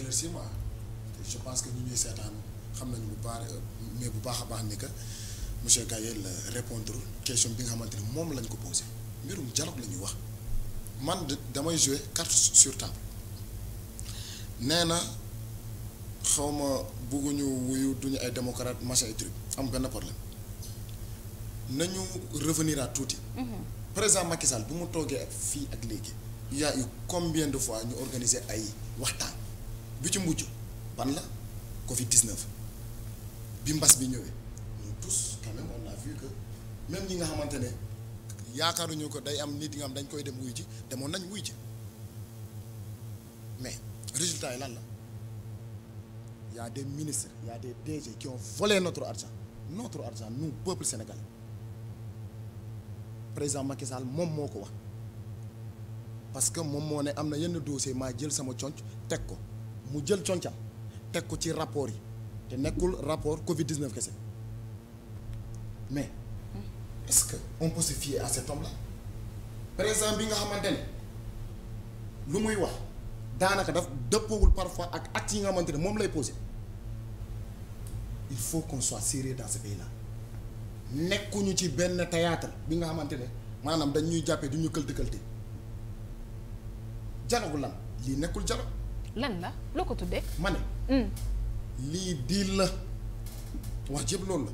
éclaircissement je pense que ñu ñuy seetaan xam nañu bu baax mais bu baax a baax ni que monsieur Gaye la répondre question bi nga xamante ni moom lañ ko posé mbirum dialogue la ñuy wax man damay jouer carte sur table nee na xaw ma bëgguñu wuyu duñu ay démocrate machin et truc am benn problème nañu revenir tuuti. Mhm. président Macky Sall bu mu toogee ak fii ak léegi. il y a eu de fois ñu organiser ay waxtaan. bi ci mujj ban la Covid 19 bi mbas bi ñëwee ñun tous quand même on a vu même ñi nga xamante ne yaakaaruñu ko day am nit yi xam dañ koy dem wuy ji demoon nañ wuy ji mais résultat yi lan la y des ministres des DG qui ont volé notre argent notre argent nous peuple sénégalais président Macky moom moo ko wax parce que moom moo ne am na yenn dossier maa jël sama conc teg ko. mu jël coñcam teg ko ci rapport yi te nekkul rapport Covid 19 kese mais est-ce que on peut se fier à cet homme-là président bi nga xamante ne lu muy wax daanaka daf dëppoowul parfois ak actes yi nga xamante ne moom lay posé il faut qu'on soit sérieux dans ce pays nekkuñu ci benn théâtre bi nga xamante ne maanaam dañuy jàppee du ñu këlte këlte dialogue lan lii nekkul dialogue lan la loo ko tuddee. ma hmm. lii diil la wax jëpp loolu la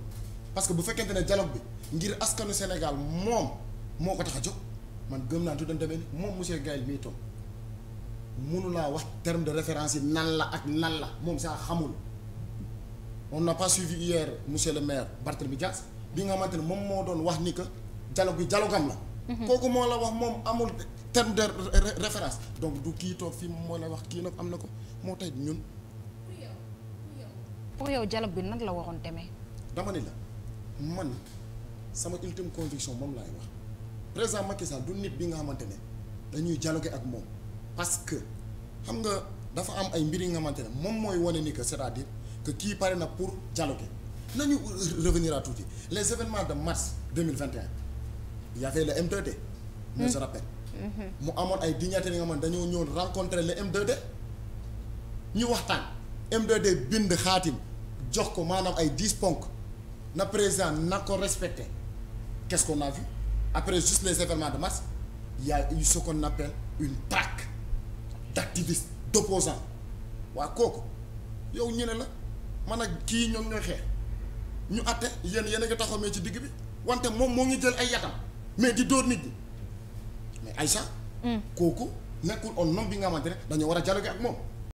parce que bu fekkente ne dialogue bi ngir askanu Sénégal moom moo ko tax a jóg man gëm naa du doon demee ni moom monsieur Gaye mii toog mënu laa wax terme de référence yi nan la ak nan la moom saa xamul on n'a pas suivi hier monsieur le maire bi Dias bi nga xamante ne moom moo doon wax ni que dialogue bi dialogue am la. Mhm. kooku moo la wax moom amul. terme de référence donc du kii toog fii moo la wax kii nag am na ko moo tey ñun. pour yow dialogue bi nan la waroon demee. dama ni la man sama ultime conviction moom lay wax président Macky Sall du nit bi nga xamante ne dañuy dialoguer ak moom parce que xam nga dafa am ay mbir yi nga xamante ne moom mooy wane ni que c'est-à-dire pare na pour dialoguer nañu revenir à tuuti les événements de mars 2021 il y avait le MTT. on se rappelle. mu amoon ay dignitaires yi nga xam ne dañoo ñëw rencontrer le m 2 waxtaan m bind xaatim jox ko maanaam ay dix ponk na président na ko respecté qu'est-ce qu'on a vu après juste les événements de mars il y a eu une traque d'activistes d'opposants waa kooku yow ñu ne la man ak kii ñoom ñooy xeex ñu àtte yéen yéen a ngi taxaw ci digg bi wante moom moo ngi jël ay yatam mais di dóor nit ñi mais Aïssa. Mm. kooku nekkul on nom bi nga xamante ne dañoo war a dialoguer ak moom.